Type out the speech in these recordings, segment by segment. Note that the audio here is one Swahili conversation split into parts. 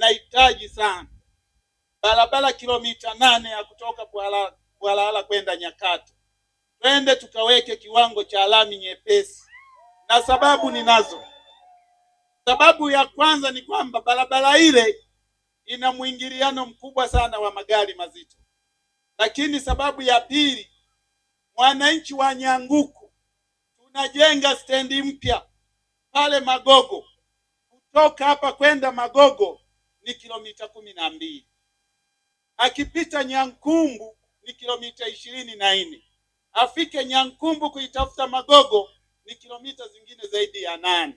nahitaji sana barabara kilomita nane ya kutoka Bwalala kwenda Nyakato. Twende tukaweke kiwango cha lami nyepesi, na sababu ninazo. Sababu ya kwanza ni kwamba barabara ile ina mwingiliano mkubwa sana wa magari mazito, lakini sababu ya pili, mwananchi wa Nyanguku, tunajenga stendi mpya pale Magogo, kutoka hapa kwenda Magogo ni kilomita kumi na mbili akipita Nyankumbu ni kilomita ishirini na nne afike Nyankumbu kuitafuta Magogo ni kilomita zingine zaidi ya nane.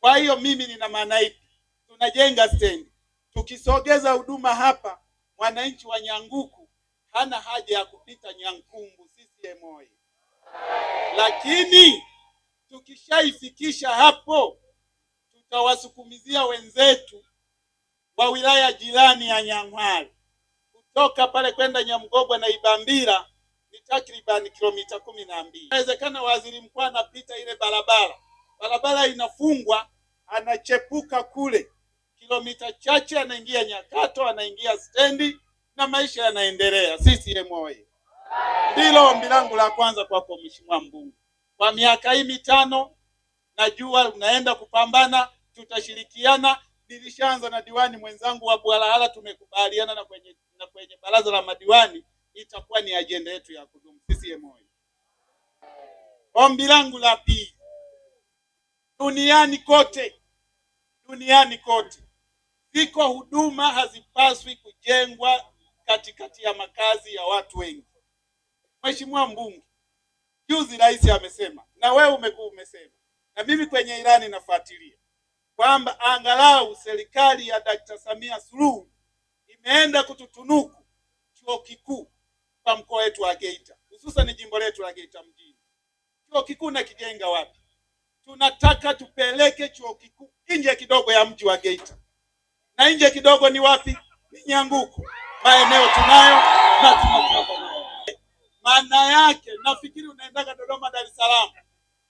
Kwa hiyo mimi nina maana ipi? Tunajenga stendi, tukisogeza huduma hapa, mwananchi wa Nyanguku hana haja ya kupita Nyankumbu. CCM oyee! Lakini tukishaifikisha hapo, tutawasukumizia wenzetu wa wilaya jirani ya Nyang'hwale. Kutoka pale kwenda Nyamgogwa na Ibambira ni takribani kilomita kumi na mbili. Inawezekana waziri mkuu anapita ile barabara, barabara inafungwa, anachepuka kule kilomita chache, anaingia Nyakato, anaingia stendi na maisha yanaendelea. CCM oyee! Ndilo ombi langu la kwanza kwako Mheshimiwa Mbunge, kwa miaka hii mitano najua unaenda kupambana, tutashirikiana nilishaanza na diwani mwenzangu wa Bwalahala, tumekubaliana na kwenye, na kwenye baraza la madiwani itakuwa ni ajenda yetu ya kudumu CCM. Ombi langu la pili, duniani kote, duniani kote ziko huduma hazipaswi kujengwa katikati ya makazi ya watu wengi. Mheshimiwa mbunge, juzi rais amesema na wewe umekuwa umesema na mimi kwenye ilani nafuatilia kwamba angalau serikali ya Dakta Samia Suluhu imeenda kututunuku chuo kikuu kwa mkoa wetu wa Geita, hususan jimbo letu la Geita mjini. Chuo kikuu na kijenga wapi? Tunataka tupeleke chuo kikuu nje kidogo ya mji wa Geita, na nje kidogo ni wapi? Ni Nyanguku, maeneo tunayo na tunataka maana yake nafikiri unaendaga Dodoma, Dar es Salaam,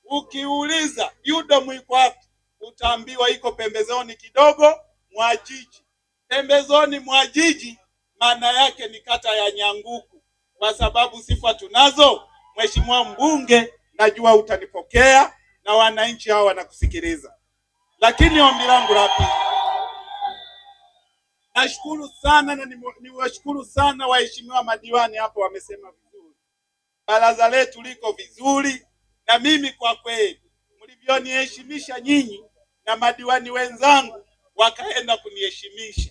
ukiuliza UDOM iko wapi utaambiwa iko pembezoni kidogo mwa jiji. Pembezoni mwa jiji maana yake ni kata ya Nyanguku, kwa sababu sifa tunazo. Mheshimiwa mbunge, najua utanipokea na wananchi hawa wanakusikiliza. Lakini ombi langu la pili, nashukuru sana na niwashukuru sana waheshimiwa madiwani hapo, wamesema vizuri, baraza letu liko vizuri, na mimi kwa kweli mlivyoniheshimisha nyinyi na madiwani wenzangu wakaenda kuniheshimisha.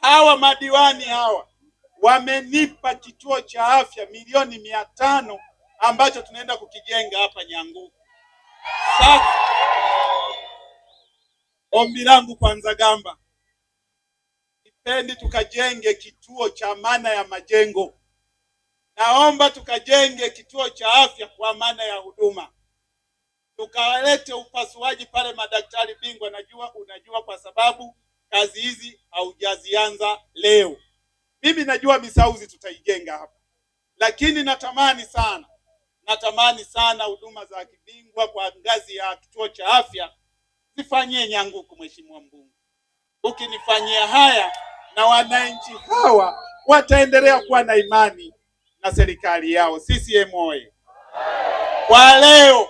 Hawa madiwani hawa wamenipa kituo cha afya milioni mia tano ambacho tunaenda kukijenga hapa Nyanguku. Sasa ombi langu kwanza, gamba ipendi tukajenge kituo cha maana ya majengo, naomba tukajenge kituo cha afya kwa maana ya huduma tukawalete upasuaji pale madaktari bingwa. Najua unajua, kwa sababu kazi hizi haujazianza leo. Mimi najua Misauzi tutaijenga hapa, lakini natamani sana, natamani sana huduma za kibingwa kwa ngazi ya kituo cha afya zifanyie nyanguku. Mheshimiwa Mbunge, ukinifanyia haya na wananchi hawa wataendelea kuwa na imani na serikali yao. CCM oye! Kwa leo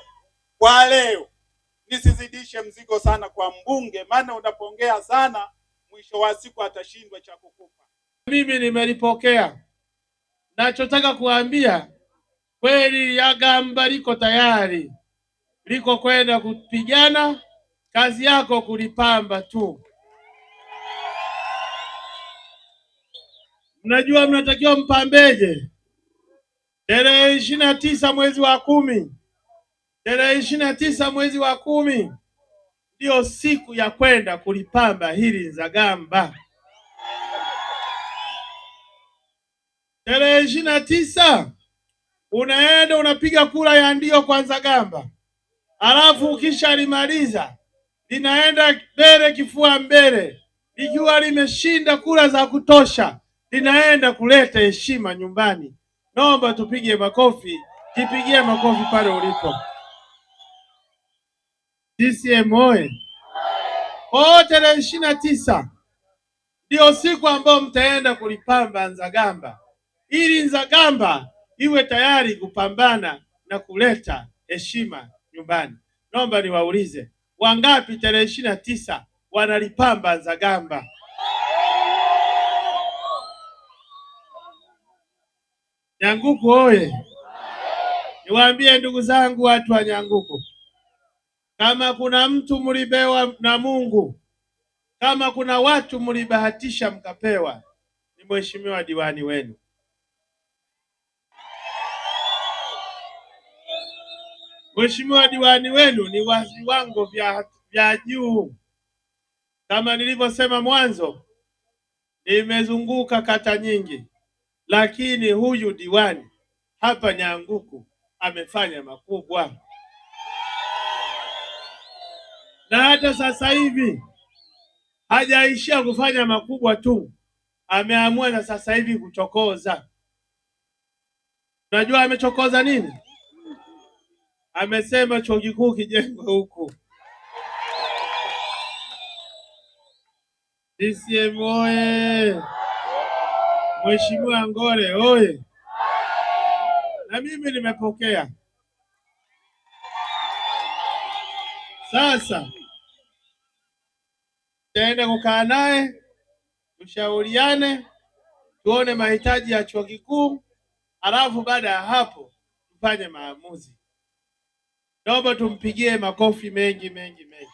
kwa leo nisizidishe mzigo sana kwa mbunge, maana unapongea sana mwisho wa siku atashindwa cha kukupa. Mimi nimelipokea, nachotaka kuambia kweli, gamba liko tayari, liko kwenda kupigana. Kazi yako kulipamba tu. Mnajua mnatakiwa mpambeje? Tarehe ishirini na tisa mwezi wa kumi Tarehe ishirini na tisa mwezi wa kumi ndiyo siku ya kwenda kulipamba hili Nzagamba. Tarehe ishirini na tisa unaenda unapiga kura ya ndio kwa Nzagamba, alafu ukishalimaliza linaenda mbele, kifua mbele, likiwa limeshinda kura za kutosha, linaenda kuleta heshima nyumbani. Naomba tupige makofi, jipigie makofi pale ulipo. CCM oye! Kwayo tarehe ishirini na tisa ndiyo siku ambayo mtaenda kulipamba Nzagamba ili Nzagamba iwe tayari kupambana na kuleta heshima nyumbani. Naomba niwaulize, wangapi tarehe ishirini na tisa wanalipamba Nzagamba? Nyanguku oye! Niwaambie ndugu zangu, watu wa Nyanguku, kama kuna mtu mlibewa na Mungu, kama kuna watu mlibahatisha mkapewa, ni mheshimiwa diwani wenu. Mheshimiwa diwani wenu ni wa viwango vya, vya juu. Kama nilivyosema mwanzo, nimezunguka kata nyingi, lakini huyu diwani hapa Nyanguku amefanya makubwa na hata sasa hivi hajaishia kufanya makubwa tu, ameamua na sasa hivi kuchokoza. Unajua amechokoza nini? Amesema chuo kikuu kijengwe huku. CCM oye! Mheshimiwa Ngole oye! Na mimi nimepokea sasa Tutaenda kukaa naye tushauriane, tuone mahitaji ya chuo kikuu, alafu baada ya hapo tufanye maamuzi. Naomba tumpigie makofi mengi mengi mengi.